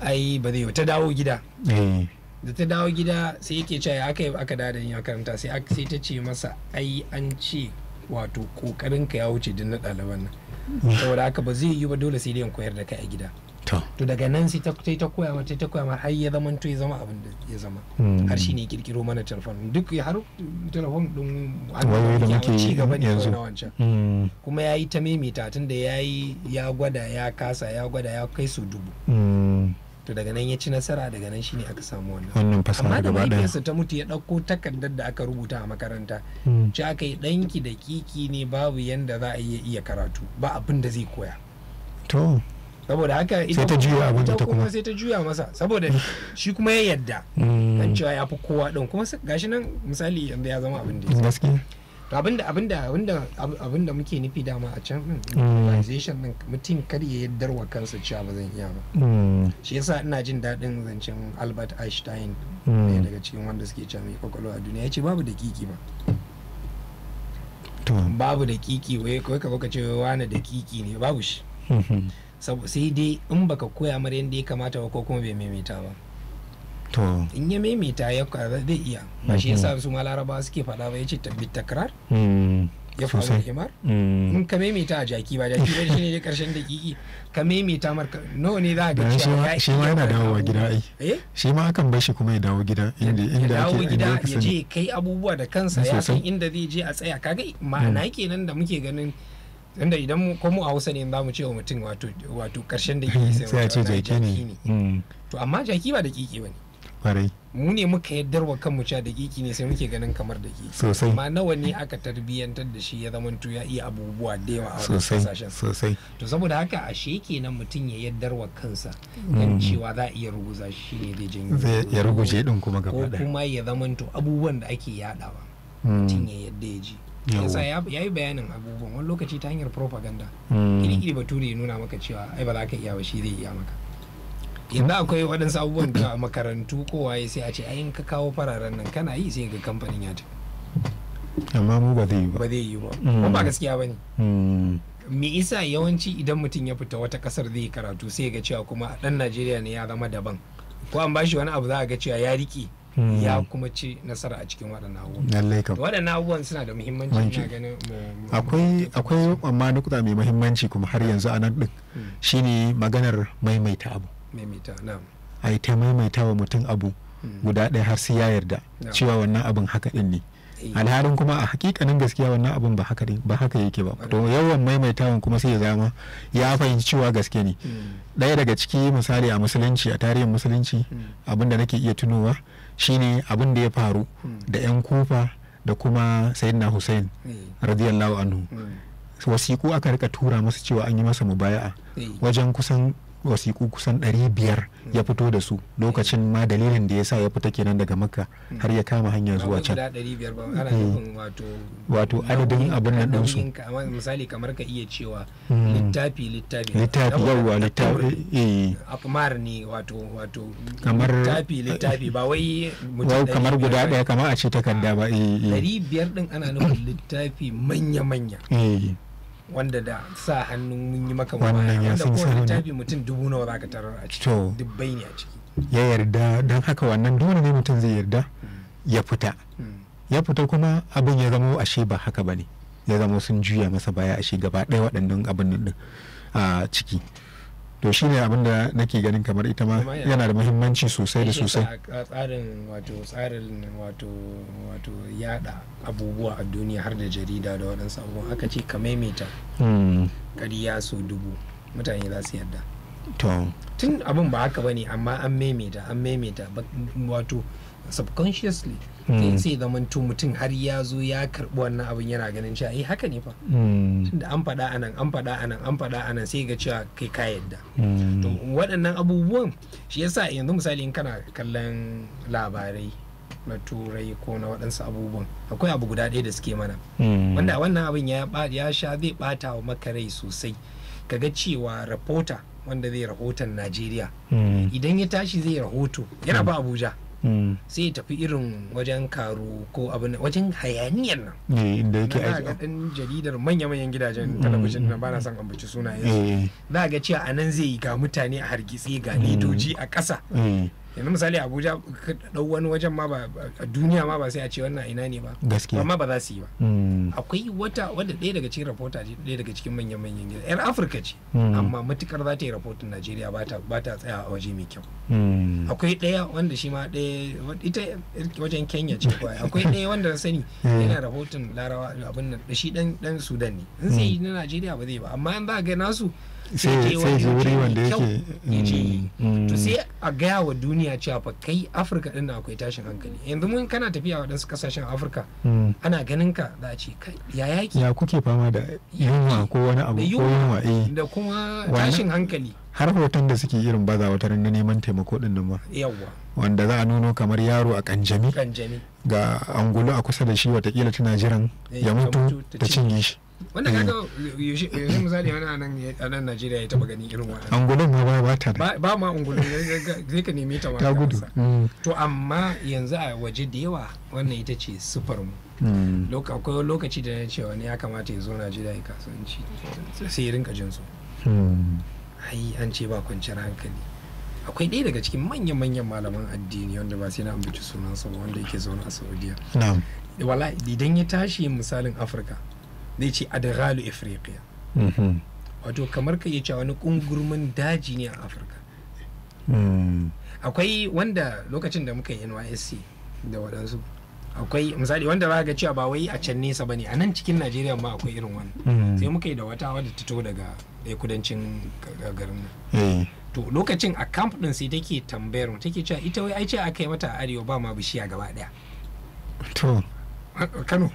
ai ba zai ta dawo gida eh. da ta dawo gida sai yake cewa aka yi aka dada yin makaranta sai sai ta ce masa ai an ce wato kokarin ka ya wuce dinna na ɗaliban nan mm. saboda haka ba zai yi ba dole sai dai koyar da kai a gida to daga nan sai ta ta koya mata ta koya ma har ya zama to ya zama abin da ya zama mm. har shi ne kirkiro mana telefon duk har telefon din hannun ci gaba ne na wancan mm. kuma yayi ta maimaita tun da yayi ya gwada ya kasa ya gwada ya kai su dubu to daga nan ya ci nasara daga nan shine aka samu wannan wannan fasaha gaba daya amma da ta mutu ya dauko takardar da aka rubuta a makaranta hmm. ci aka yi danki da kiki ne babu yanda za a iya iya karatu ba abin da zai koya to saboda haka sai ta juya abin ta kuma sai ta juya masa saboda shi kuma ya yadda hmm. an cewa ya fi kowa din kuma gashi nan misali yanzu ya zama abin da ya gaskiya abinda abinda abinda abinda muke nufi dama a can din mm. realization din mutum kar ya yaddar wa kansa cewa ba zan iya ba mm. shi yasa ina jin daɗin zancen Albert Einstein ne mm. daga cikin wanda suke cewa mai kwakwalwa a duniya yace babu dakiki ba babu dakiki wai kawai ka baka cewa wani dakiki ne babu shi mm-hmm. sai dai in baka koya mara yadda ya kamata ba ko kuma bai maimaita ba in ya maimaita ya kaza zai iya ba shi yasa su ma laraba suke faɗa ba yace tabbit takrar hmm, ya faru himar hmm. in ka maimaita a jaki ba jaki ba shine ne karshen kiki ka maimaita mar nawa ne za ga cewa shi ma yana dawowa gida ai eh? shi ma akan bar shi kuma ya dawo gida inda inda ya dawo gida ya je kai abubuwa da kansa ya san inda zai je a tsaya kaga ma'ana hmm. kenan da muke ganin inda idan ko mu a Hausa ne za mu ce wa mutum wato wato karshen dakiki sai ya ce jaki ne to amma jaki ba ba ne mu ne muka yaddar wa kanmu cewa dakiki ne sai muke ganin kamar dakiki sosai amma nawa ne aka tarbiyyantar da shi ya zamanto ya iya abubuwa da yawa a wannan sashen sosai to saboda haka ashe nan mutum ya yaddarwa kansa kan mm. cewa za a iya ruguza shi ne zai janyo zai ya ruguje din kuma gaba ko kuma ya zamanto abubuwan da ake yadawa mm. mutum ya yadda ya ji yasa ya yi bayanin abubuwan wani lokaci ta hanyar propaganda mm. iri iri bature ya nuna maka cewa ai ba za ka iya ba shi zai iya maka yanzu akwai waɗansu abubuwan da makarantu waye sai a ce ayin ka kawo fararen nan kana yi sai ga kamfanin ya tafi amma mu ba zai yi ba ba zai yi ba hmm. ko ba gaskiya ba ne hmm. me isa yawanci idan mutum ya fita wata kasar zai karatu sai ga cewa kuma dan najeriya ne ya zama daban ko an bashi wani abu za a ga cewa ya riƙe hmm. ya kuma ci nasara a cikin waɗannan abubuwan waɗannan abubuwan suna da muhimmanci na ganin akwai akwai amma nukuta mai muhimmanci kuma har yanzu a nan ɗin shine maganar maimaita abu maimaita a yi ta maimaita wa mutum abu hmm. guda ɗaya har sai ya yarda cewa wannan abin haka ɗin ne eh. alharin kuma a hakikanin gaskiya wannan abin ba haka ba haka yake ba to yawan maimaitawan kuma sai ya zama ya fahimci cewa gaske ne hmm. ɗaya daga ciki misali a musulunci a tarihin musulunci hmm. abin da nake iya tunowa shine abin da ya faru da yan kufa da kuma sayyidina hussein eh. radiyallahu anhu wasiku aka rika tura masa cewa an yi masa mubaya'a eh. wajen kusan wasiƙu kusan 500 ya fito da su lokacin ma dalilin da ya sa ya fita kenan daga makka har ya kama hanya zuwa can hmm. wato adadin abin nan ɗansu misali kamar ka iya cewa hmm. littafi littafi littafi yawwa littafi eh. akmar ne wato wato kamar littafi littafi ba wai mutum kamar guda ɗaya kamar a ce takarda ba 500 eh, din eh. ana nufin littafi manya manya wanda da sa hannun mun yi maka wannan ya san sa littafi mutum dubu nawa zaka tarar a ciki dubbai ne a ciki ya yarda don haka wannan dole ne mutum zai yarda hmm. ya fita hmm. ya fita kuma abin ya zamo ashe ba haka bane ya zamo sun juya masa baya ashe gaba ɗaya waɗannan abin da a ah, ciki to shine abin da nake ganin kamar ita ma yana da muhimmanci sosai da sosai tsarin wato tsarin wato wato yada abubuwa a duniya har da jarida da waɗansu abubuwa aka ce ka maimaita hmm. ƙarya so dubu mutane za su yarda tun abin ba haka bane amma an maimaita an maimaita wato subconsciously hmm. sai zamanto mutum har ya zo ya karbi wannan abin yana ganin cewa eh haka ne fa hmm. da an faɗa anan an faɗa anan an faɗa anan sai ga cewa kai ka yadda hmm. to waɗannan abubuwan shi yasa yanzu misali in kana kallon labarai na turai ko na waɗansu abubuwan akwai abu guda ɗaya da suke mana wanda wannan abin ya sha zai ɓata wa maka rai sosai ga cewa reporter wanda zai rahoton najeriya hmm. idan ya tashi zai rahoto yana hmm. ba abuja hmm. sai ya tafi irin wajen karu ko abin wajen hayaniyar nan eh, inda yake aiki ga dan jaridar manya-manyan gidajen talabijin na bana son ambaci sunayen eh. za ga cewa anan zai ga mutane a Hargitse, ga ledoji a ƙasa eh. yanzu misali abuja ɗau wani wajen ma a duniya ma ba sai a ce wannan ina ne ba gaskiya amma ba za su yi ba hmm. akwai wata wanda ɗaya daga cikin rahota ce ɗaya daga cikin manyan manyan gida yar afirka ce hmm. amma matukar za ta yi rahoton najeriya ba ta tsaya a waje mai kyau hmm. akwai ɗaya wanda shi ma ɗaya ita wajen kenya ce kawai akwai ɗaya wanda na sani yana rahoton larawa abin nan shi ɗan sudan ne in sai na najeriya ba zai ba amma in za ga nasu sai je wani wanda yake mm, mm. to sai a gaya wa duniya cewa fa kai afirka din akwai tashin hankali yanzu mun kana tafiya a wadansu kasashen afirka mm. ana ganin ka za a ce ya yaki ya kuke fama da yunwa ko wani abu ko yunwa eh da kuma tashin hankali har hoton da suke irin baza wata na neman taimako din nan ma wanda za a nuno kamar yaro a kanjami ga angulu a kusa da shi watakila tana jiran eh, ya mutu ta cinye shi wanda kaga yaushe misali wani anan a nan Najeriya ya taba gani irin wannan angulun ma ba ta da ba ma angulun zai ka neme ta ma ta gudu mm. to amma yanzu a waje da yawa wannan ita ce sufar mu mm. akwai lokaci da na ce wani ya kamata ya zo Najeriya ya kasuwanci sai ya rinka jin su mm. ai an ce ba kwanciyar hankali akwai ɗaya daga cikin manya-manyan malaman addini wanda ba sai na ambaci sunansa wanda yake zaune a saudiya wala idan ya tashi misalin afirka zai ce adaralu afirka mhm. wato kamar ka yi wani kungurmin daji ne a afirka mm. akwai wanda lokacin da muka yi nysc da waɗansu akwai misali wanda ba ga cewa ba wai a can nesa ba ne a nan cikin najeriya ma akwai irin wani mm. sai muka yi da wata wadda ta daga ɗaya eh, kudancin garin nan eh. to lokacin a camp din sai take tambayar mu take cewa ita wai ai ce aka yi mata arewa ba ma bishiya gaba ɗaya. kano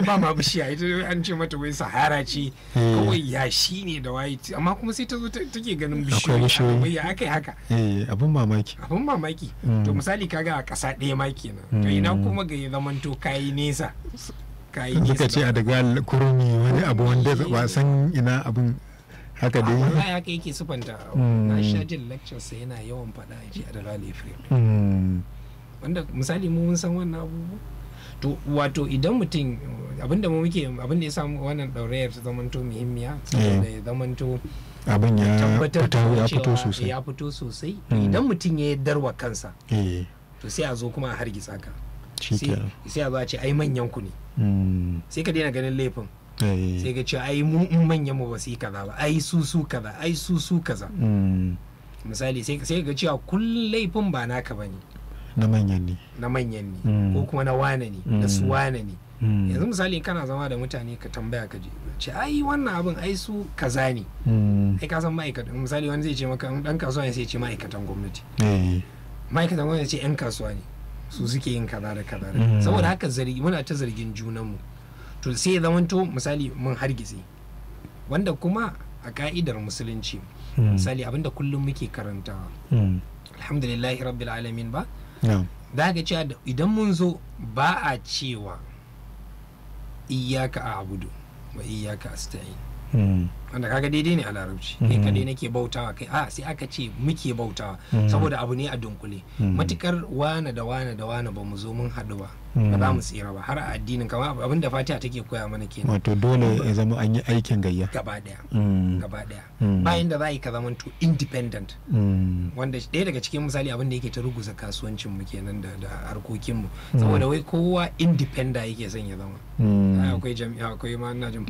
ba ma bishiya ita an ce mata wai sahara ce eh. kawai ya shi ne da waye amma kuma sai ta zo take ganin bishiyoyi ya aka yi haka eh, abin mamaki abin mamaki mm. to misali kaga a ƙasa ɗaya ma kenan to mm. ina kuma ga ya zamanto kayi nesa kayi nesa suka ce a daga kurmi wani abu wanda ba san ina abin haka dai ya haka yake sufanta mm. na sha jin lectures yana yawan faɗa a ji a da raleigh wanda misali mu mun san wannan abubuwa to wato idan mutum abinda mu muke abinda ya samu wannan daurayar ta zamanto muhimmiya saboda eh. ya zamanto abin ya fito sosai ya fito sosai hmm. idan mutum ya darwa kansa eh. to sai a zo kuma a hargitsa ka sai a zo a ce ai manyan ku ne hmm. sai ka daina ganin laifin eh. sai ka ce ai mu manyan mu ba su yi kaza ba ai su su kaza ai su su kaza hmm. misali sai ka ga cewa kullum laifin ba naka ne na manyan ne na manyan ne mm. ko kuma na wane ne na su mm. wane ne mm. yanzu misali kana zama da mutane ka tambaya ka je ce ai wannan abin ai su kaza ne ai ka san ma'aikatan misali wani zai ce maka dan kasuwa ne sai ce ma'aikatan gwamnati eh. ma'aikatan gwamnati ce yan kasuwa ne su suke yin kaza da kaza saboda haka zargi muna ta zargin junanmu to sai ya zamanto misali mun hargitse wanda kuma a ka'idar musulunci misali abinda kullum muke karantawa alhamdulillahi rabbil alamin ba za ka cewa idan mun zo ba a cewa iyaka a abudu ba iyaka a sta'in hmm. wanda kaga daidai ne a larabci kai mhm. kadai nake bautawa kai a sai aka ce muke bautawa mhm. saboda abu ne a dunkule mhm. matukar wane da wane da wane ba mu zo mun haɗu ba ba za mu tsira ba har a addinin kama abin da fatiha take koya mana kenan wato dole ya zama an yi aikin gayya gaba daya gaba daya bayan da za yi ka zama to independent wanda ɗaya daga cikin misali abin da yake ta ruguza kasuwancin mu kenan da harkokin mu saboda wai kowa independent yake son ya zama akwai jami'a akwai ma ina jin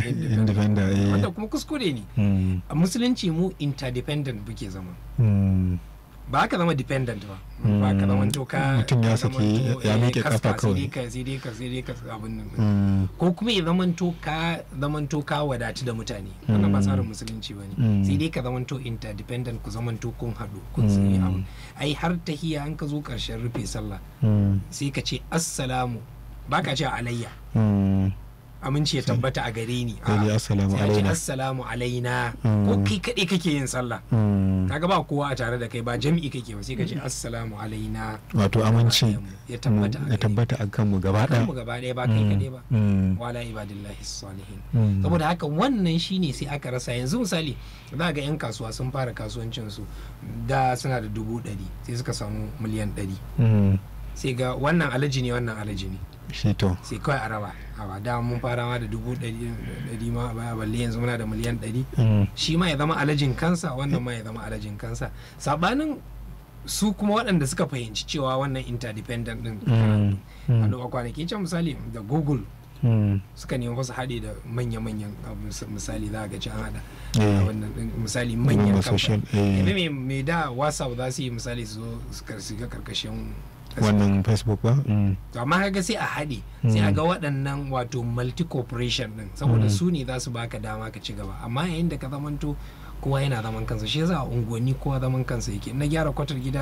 independent da kuma kuskure ne hmm. a musulunci mu interdependent buke zama hmm. ba ka zama dependent ba hmm. ba ka zama to ka mutum ya saki ya eh, miƙe kafa kawai ka sai dai ka sai dai ka abin nan ko kuma ya zama to ka zama to ka wadatu da mutane wannan ba tsarin musulunci ba ne sai dai ka zama to interdependent ku zama to kun haɗu kun sani abu ai har tahiya an ka zo karshen rufe sallah sai ka ce assalamu ba ka ce alayya aminci ya tabbata a gare ni assalamu alaina mm. ko kai kaɗai kake yin sallah mm. kaga ba kowa a tare da kai ba jami'i kake ba sai ka ce assalamu alaina wato aminci ya mm, tabbata a kan mu gaba ɗaya mu gaba ɗaya ba kai kaɗai ba wala ibadillahi salihin saboda haka wannan shine sai aka rasa yanzu misali za ga yan kasuwa sun fara kasuwancin su da suna da dubu ɗari sai suka samu miliyan ɗari sai ga wannan alaji ne wannan alaji ne shi to sai kawai a raba a ba da mun fara ma da dubu ɗari ma baya balle yanzu muna da miliyan ɗari mm. shi ma ya zama alajin kansa wannan ma ya zama alajin kansa sabanin su kuma waɗanda suka fahimci cewa wannan interdependent din mm. a mm. kwanaki can misali da google suka nemi wasu haɗe da manya-manyan misali za a ga an haɗa eh. wannan misali manyan kamfani eh. mai da whatsapp za su yi misali su ga karkashin wannan facebook ba mm. to amma kaga sai a haɗe mm. sai a ga waɗannan wato multi corporation din saboda mm. su ne za su baka dama ka ci gaba amma yayin da ka zamanto kowa yana zaman kansa shi yasa unguwanni kowa zaman kansa yake na gyara kwatar gida